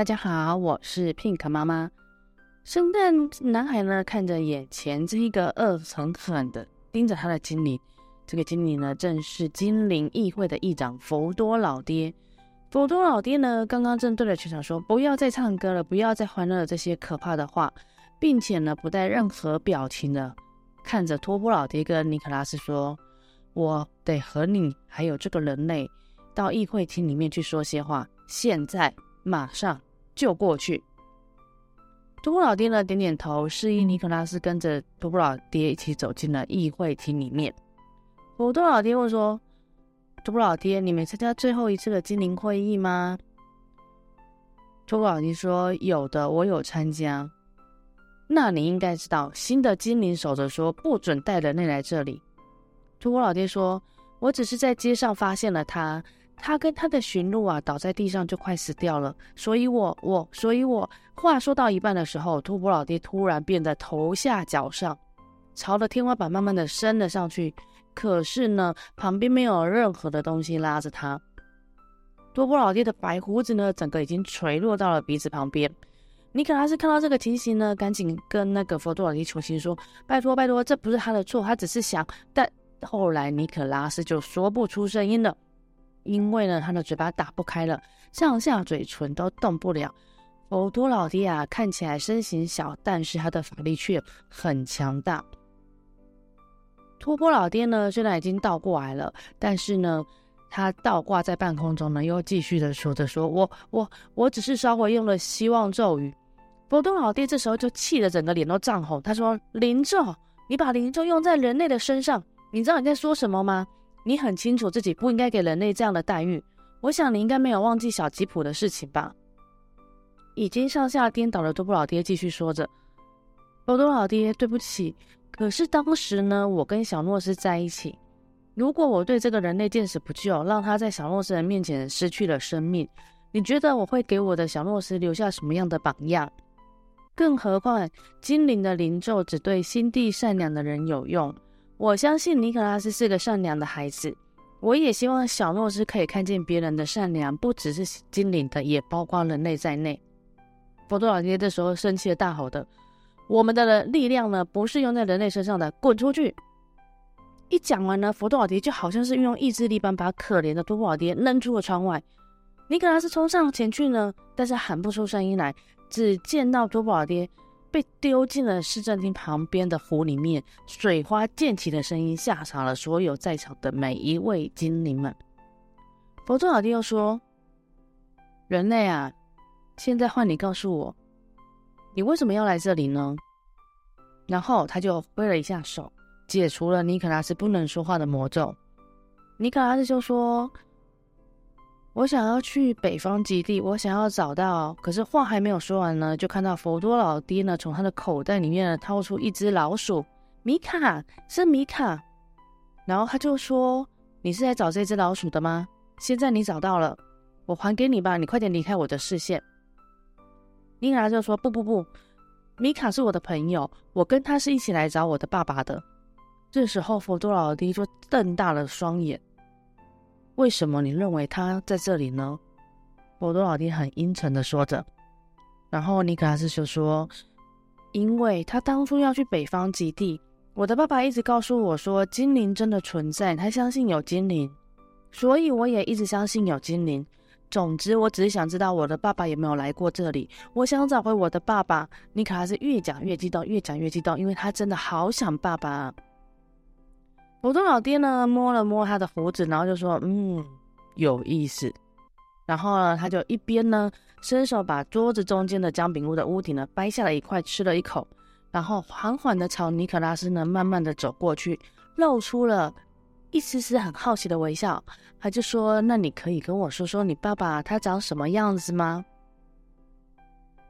大家好，我是 Pink 媽媽。聖誕男孩呢，看着眼前這一個惡狠狠的盯着他的精靈，這個精靈呢，正是精靈議會的議長弗多老爹。弗多老爹呢，剛剛正對着全場說：“不要再唱歌了，不要再歡樂了，這些可怕的話。”並且呢，不帶任何表情的看着托布老爹跟尼可拉斯說：“我得和你還有這個人類到議會廳裡面去說些話，現在馬上。”就過去。托布老爹呢？點點頭，示意尼克拉斯跟着托布老爹一起走進了議會廳裡面。托布老爹問說：“托布老爹，你沒參加最後一次的精靈會議嗎？”托布老爹說：“有的，我有參加。那你應該知道，新的精靈守則說不准帶人類來這裡。”托布老爹說：“我只是在街上發現了他。”他跟他的馴鹿啊，倒在地上就快死掉了。所以我，我我所以我，我話說到一半的時候，波托老爹突然變得頭下腳上，朝着天花板慢慢的伸了上去。可是呢，旁邊沒有任何的東西拉着他。波托老爹的白鬍子呢，整個已經垂落到了鼻子旁邊。尼可拉斯看到這個情形呢，趕緊跟那個弗多老爹求情說：“拜托，拜托，這不是他的錯，他只是想……”但後來尼可拉斯就說不出聲音了。因為呢，他的嘴巴打不開了，上下嘴唇都動不了。弗多老爹啊，看起來身形小，但是他的法力卻很強大。波托老爹呢，雖然已經倒過來了，但是呢，他倒掛在半空中呢，又繼續的說着說：“說我我我只是稍微用了希望咒語。”弗多老爹這時候就氣得整個臉都漲紅，他說：“靈咒，你把靈咒用在人類的身上，你知道你在說什麼嗎？”你很清楚自己不應該給人類這樣的待遇，我想你應該沒有忘記小吉普的事情吧？已經上下顛倒的多布老爹繼續說着：“多多老爹，對不起，可是當時呢，我跟小諾斯在一起。如果我對這個人類見死不救，讓他在小諾斯人面前失去了生命，你覺得我會給我的小諾斯留下什麼樣的榜樣？更何況，精靈的靈咒只對心地善良的人有用。”我相信尼克拉斯是個善良的孩子，我也希望小諾斯可以看見別人的善良，不只是精靈的，也包括人類在內。弗多老爹這時候生氣的大吼道：“我們的力量呢，不是用在人類身上的，滾出去！”一講完呢，弗多老爹就好像是運用意志力般，把可憐的多寶老爹扔出了窗外。尼克拉斯衝上前去呢，但是喊不出聲音來，只見到多寶老爹被丟進了市政廳旁邊的湖裡面，水花濺起的聲音嚇傻了所有在場的每一位精靈們。弗多老爹又說：“人類啊，現在換你告訴我，你為什麼要來這裡呢？”然後他就揮了一下手，解除了尼克拉斯不能說話的魔咒。尼克拉斯就說。我想要去北方極地，我想要找到。可是話還沒有說完呢，就看到佛多老爹呢，從他的口袋裡面掏出一隻老鼠，米卡，是米卡。然後他就說：“你是來找這隻老鼠的嗎？現在你找到了，我還給你吧。你快點離開我的視線。”尼拉就說：“不不不，米卡是我的朋友，我跟他是一起來找我的爸爸的。”這時候佛多老爹就瞪大了雙眼。為什麼你認為他在這裡呢？波托老爹很陰沉地說着。然後尼卡拉斯就說：“因為他當初要去北方極地，我的爸爸一直告訴我說精靈真的存在，他相信有精靈，所以我也一直相信有精靈。總之，我只是想知道我的爸爸有沒有來過這裡。我想找回我的爸爸。”尼卡拉斯越講越激動，越講越激動，因為他真的好想爸爸啊。波托老爹呢，摸了摸他的鬍子，然後就說：“嗯，有意思。”然後呢，他就一邊呢，伸手把桌子中間的薑餅屋的屋頂呢掰下了一塊，吃了一口，然後緩緩的朝尼克拉斯呢慢慢的走過去，露出了一絲絲很好奇的微笑。他就說：“那你可以跟我說說你爸爸他長什麼樣子嗎？”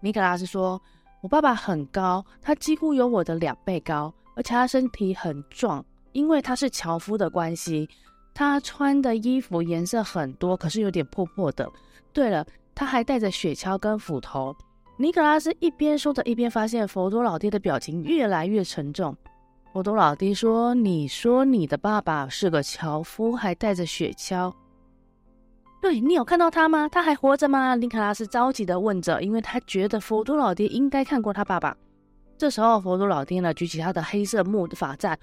尼克拉斯說：“我爸爸很高，他幾乎有我的兩倍高，而且他身體很壯。”因為他是樵夫的關係，他穿的衣服顏色很多，可是有點破破的。對了，他還帶着雪橇跟斧頭。尼可拉斯一邊說着，一邊發現弗多老爹的表情越來越沉重。弗多老爹說：“你說你的爸爸是個樵夫，還帶着雪橇，對，你有看到他嗎？他還活着嗎？”尼可拉斯着急的問着，因為他覺得弗多老爹應該看過他爸爸。這時候，弗多老爹呢舉起他的黑色木的法杖。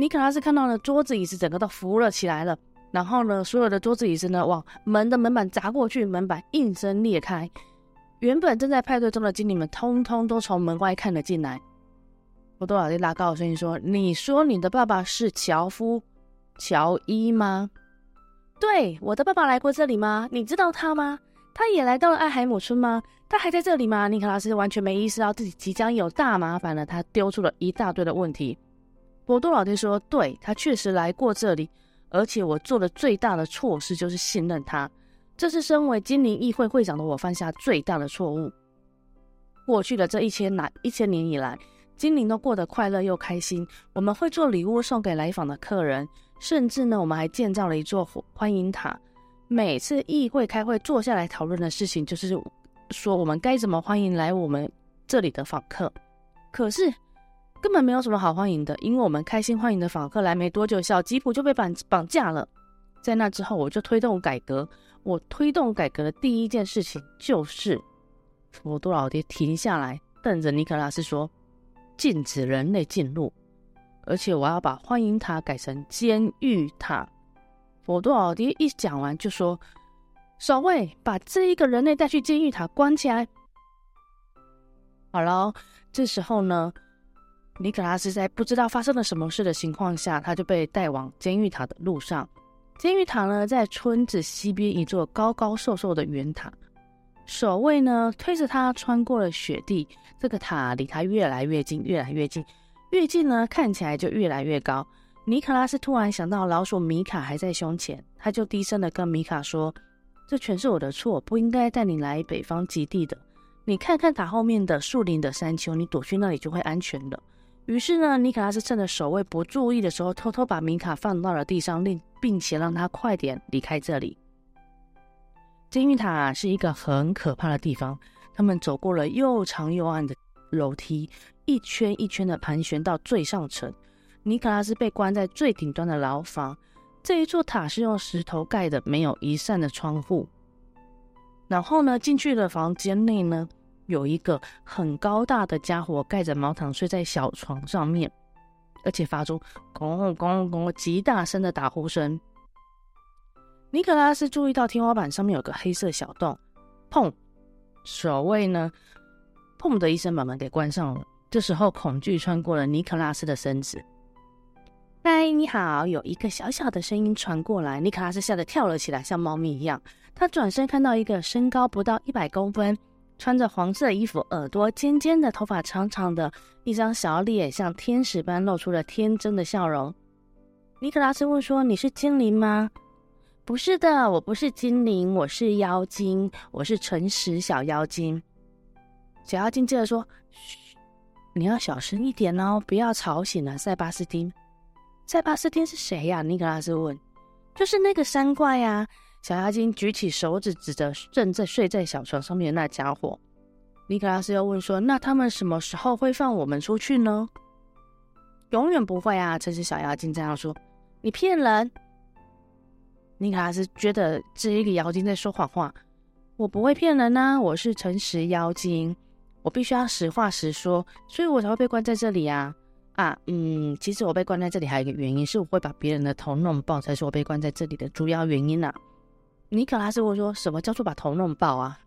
尼克拉斯看到了桌子椅子整個都浮了起來了，然後呢，所有的桌子椅子呢往門的門板砸過去，門板應聲裂開。原本正在派對中的精靈們通通都從門外看了進來。波托老爹拉高聲音說：“你說你的爸爸是樵夫喬伊嗎？對，我的爸爸來過這裡嗎？你知道他嗎？他也來到了愛海姆村嗎？他還在這裡嗎？”尼克拉斯完全沒意識到、啊、自己即將有大麻煩了，他丟出了一大堆的問題。波托老爹說：“對，他確實來過這裡，而且我做的最大的錯事就是信任他。這是身為精靈議會會長的我犯下最大的錯誤。過去的這一千年，一千年以來，精靈都過得快樂又開心。我們會做禮物送給來訪的客人，甚至呢，我們還建造了一座歡迎塔。每次議會開會，坐下來討論的事情就是說我們該怎麼歡迎來我們這裡的訪客。可是。”根本沒有什麼好歡迎的，因為我們開心歡迎的訪客來沒多久，小吉普就被綁綁架了。在那之後，我就推動改革。我推動改革的第一件事情就是，弗多老爹停下來瞪着尼克拉斯說：“禁止人類進入，而且我要把歡迎塔改成監獄塔。”弗多老爹一講完就說：“少尉，把這一個人類帶去監獄塔關起來。”好了，這時候呢。尼古拉斯在不知道發生了什麼事的情況下，他就被帶往監獄塔的路上。監獄塔呢，在村子西邊一座高高瘦瘦的圓塔。守衛呢，推着他穿過了雪地。這個塔離他越來越近，越來越近，越近呢，看起來就越來越高。尼古拉斯突然想到，老鼠米卡還在胸前，他就低聲地跟米卡說：“這全是我的錯，不應該帶你來北方極地的。你看看塔後面的樹林的山丘，你躲去那裡就會安全的。於是呢，尼卡拉斯趁着守衛不注意的時候，偷偷把米卡放到了地上，並並且讓他快點離開這裡。監獄塔是一個很可怕的地方，他們走過了又長又暗的樓梯，一圈一圈的盤旋到最上層。尼卡拉斯被關在最頂端的牢房，這一座塔是用石頭蓋的，沒有一扇的窗戶。然後呢，進去的房間內呢。有一個很高大的傢伙蓋着毛毯，睡在小床上面，而且發出咔咔咔咔、轟轟轟極大聲的打呼聲。尼克拉斯注意到天花板上面有個黑色小洞，砰！守衛呢？砰的一聲把門給關上了。這時候恐懼穿過了尼克拉斯的身子。嗨，你好！有一個小小的聲音傳過來，尼克拉斯嚇得跳了起來，像貓咪一樣。他轉身看到一個身高不到一百公分，穿着黃色衣服，耳朵尖尖的，頭髮長長的，一張小臉像天使般露出了天真的笑容。尼克拉斯問說：“你是精靈嗎？”“不是的，我不是精靈，我是妖精，我是誠實小妖精。”小妖精接着說：“噓，你要小聲一點哦，不要吵醒了塞巴斯丁。”“塞巴斯丁是誰呀？”尼克拉斯問。“就是那個山怪呀。”小妖精舉起手指，指着正在睡在小床上面的那家伙。尼克拉斯又問說：“那他們什麼時候會放我們出去呢？”“永遠不會啊！”誠實小妖精這樣說。“你騙人！”尼克拉斯覺得這一個妖精在說謊話。“我不會騙人啊！我是誠實妖精，我必須要實話實說，所以我才會被關在這裡啊！啊，嗯，其實我被關在這裡還有一個原因是我會把別人的頭弄爆，才是我被關在這裡的主要原因啊！”尼可拉斯問說什麼叫做把頭弄爆啊？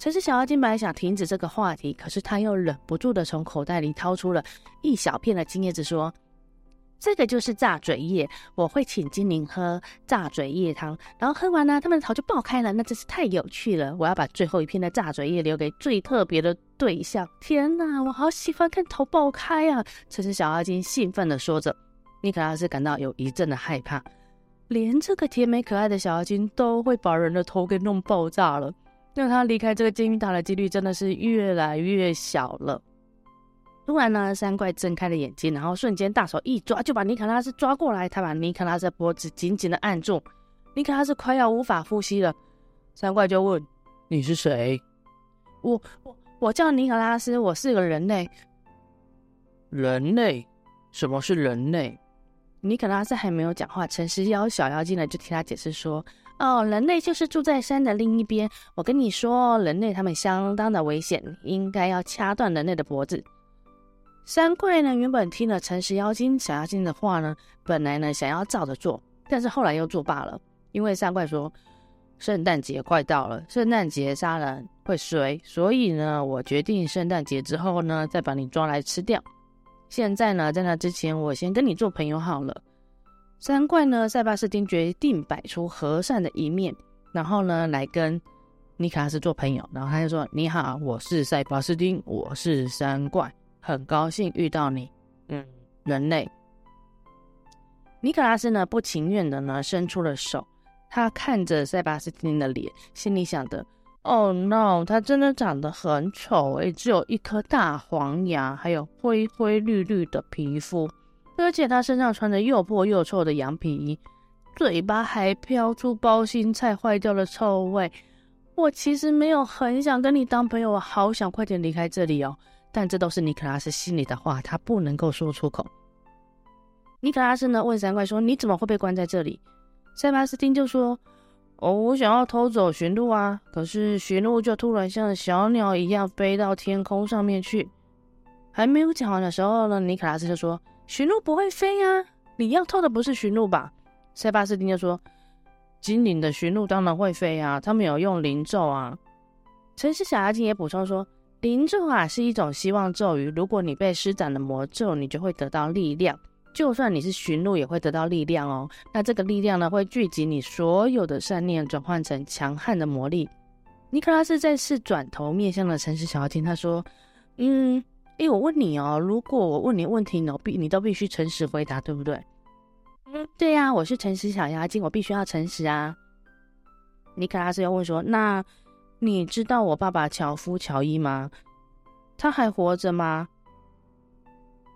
誠實小妖精本來想停止這個話題，可是他又忍不住的從口袋裡掏出了一小片的金葉子，說：“這個就是炸嘴葉，我會請精靈喝炸嘴葉湯，然後喝完呢，他們的頭就爆開了，那真是太有趣了。我要把最後一片的炸嘴葉留給最特別的對象。天哪，我好喜歡看頭爆開啊！”誠實小妖精興奮的說着，尼可拉斯感到有一陣的害怕。連這個甜美可愛的小妖精都會把人的頭給弄爆炸了，那他離開這個監獄塔的幾率真的是越來越小了。突然呢，三怪睜開了眼睛，然後瞬間大手一抓，就把尼克拉斯抓過來，他把尼克拉斯的脖子緊緊的按住，尼克拉斯快要無法呼吸了。三怪就問：“你是誰？”“我我我叫尼克拉斯，我是個人類。”“人類？什麼是人類？”尼克拉斯還沒有講話，誠實妖小妖精呢就替他解釋說：“哦，人類就是住在山的另一邊。我跟你說，人類他們相當的危險，應該要掐斷人類的脖子。”山怪呢，原本聽了誠實妖精小妖精的話呢，本來呢想要照着做，但是後來又做罷了，因為山怪說：“聖誕節快到了，聖誕節殺人會衰，所以呢，我決定聖誕節之後呢再把你抓來吃掉。”現在呢，在那之前，我先跟你做朋友好了。三怪呢，塞巴斯丁決定擺出和善的一面，然後呢，來跟尼卡拉斯做朋友。然後他就說：“你好，我是塞巴斯丁，我是三怪，很高興遇到你。”嗯，人類。尼卡拉斯呢，不情願的呢，伸出了手。他看着塞巴斯丁的臉，心裡想的。Oh no！他真的長得很醜哎、欸，只有一顆大黃牙，還有灰灰綠綠的皮膚，而且他身上穿着又破又臭的羊皮衣，嘴巴還飄出包心菜壞掉的臭味。我其實沒有很想跟你當朋友，我好想快點離開這裡哦。但這都是尼克拉斯心裡的話，他不能夠說出口。尼克拉斯呢，問三怪說：“你怎麼會被關在這裡？”塞巴斯汀就說，哦，我想要偷走馴鹿啊！可是馴鹿就突然像小鳥一樣飛到天空上面去。還沒有講完的時候呢，尼可拉斯就說：“馴鹿不會飛呀，啊！你要偷的不是馴鹿吧？”塞巴斯汀就說：“精靈的馴鹿當然會飛啊，他們有用靈咒啊。”城市小妖精也補充說：“靈咒啊是一種希望咒語，如果你被施展了魔咒，你就會得到力量。”就算你是馴鹿，也會得到力量哦。那這個力量呢，會聚集你所有的善念，轉換成強悍的魔力。尼克拉斯再次轉頭面向了誠實小妖精，他說：“嗯，誒，我問你哦，如果我問你問題，你必你都必須誠實回答，對不對？”“嗯，對呀，啊，我是誠實小妖精，我必須要誠實啊。”尼克拉斯又問說：“那你知道我爸爸樵夫喬伊嗎？他還活着嗎？”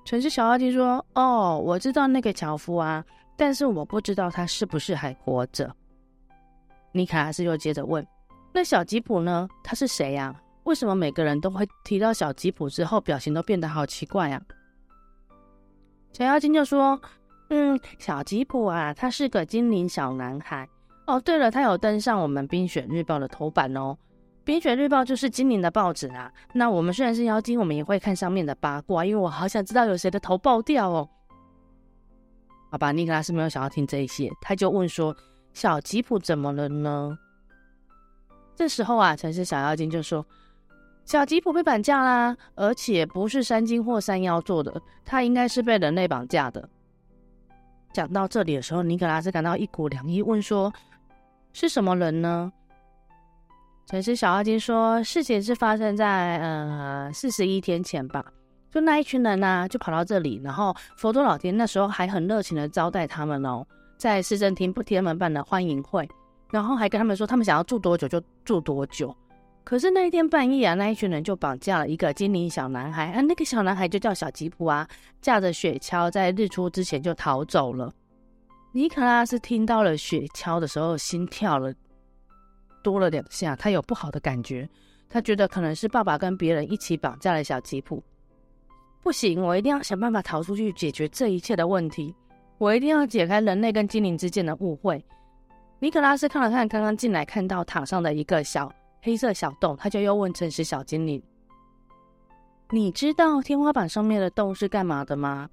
城市小妖精說：“哦，我知道那個樵夫啊，但是我不知道他是不是還活着。”尼卡拉斯又接着問：“那小吉普呢？他是誰呀？為什麼每個人都會提到小吉普之後，表情都變得好奇怪呀？”小妖精就說：“嗯，小吉普啊，他是個精靈小男孩。哦，對了，他有登上我們《冰雪日報》的頭版哦。”《冰雪日報》就是精靈的報紙啊。那我們雖然是妖精，我們也會看上面的八卦，因為我好想知道有誰的頭爆掉哦。好吧，尼克拉斯沒有想要聽這些，他就問說：“小吉普怎麼了呢？”這時候啊，城市小妖精就說：“小吉普被綁架啦，而且不是山精或山妖做的，他應該是被人類綁架的。”講到這裡的時候，尼克拉斯感到一股涼意，問說：“是什麼人呢？”此時小阿金說：“事情是發生在呃四十一天前吧，就那一群人呢、啊，就跑到這裡，然後弗多老爹那時候還很熱情的招待他們哦，在市政廳不貼門辦的歡迎會，然後還跟他們說他們想要住多久就住多久。可是那一天半夜啊，那一群人就綁架了一個精靈小男孩，啊，那個小男孩就叫小吉普啊，駕着雪橇在日出之前就逃走了。尼可拉斯聽到了雪橇的時候，心跳了。”多了兩下，他有不好的感覺，他覺得可能是爸爸跟別人一起綁架了小吉普。不行，我一定要想辦法逃出去，解決這一切的問題。我一定要解開人類跟精靈之間的誤會。尼可拉斯看了看剛剛進來看到塔上的一個小黑色小洞，他就又問誠實小精靈：“你知道天花板上面的洞是幹嘛的嗎？”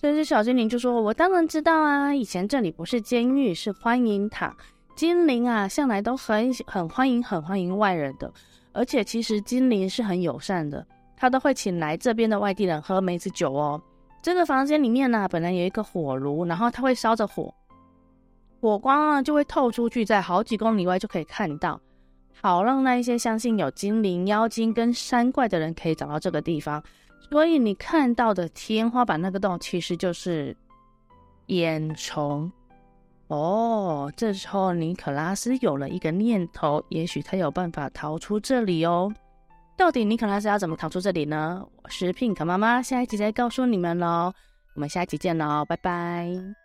誠實小精靈就說：“我當然知道啊，以前這裡不是監獄，是歡迎塔。”精靈啊，向來都很很歡迎、很歡迎外人的，而且其實精靈是很友善的，他都會請來這邊的外地人喝梅子酒哦。這個房間裡面呢、啊，本來有一個火爐，然後他會燒着火，火光啊就會透出去，在好幾公里外就可以看到，好讓那一些相信有精靈、妖精跟山怪的人可以找到這個地方。所以你看到的天花板那個洞，其實就是煙囪。哦，這時候尼可拉斯有了一個念頭，也許他有辦法逃出這裡哦。到底尼可拉斯要怎麼逃出這裡呢？我是 Pink 媽媽，下一集再告訴你們嘍。我們下一集見嘍，拜拜。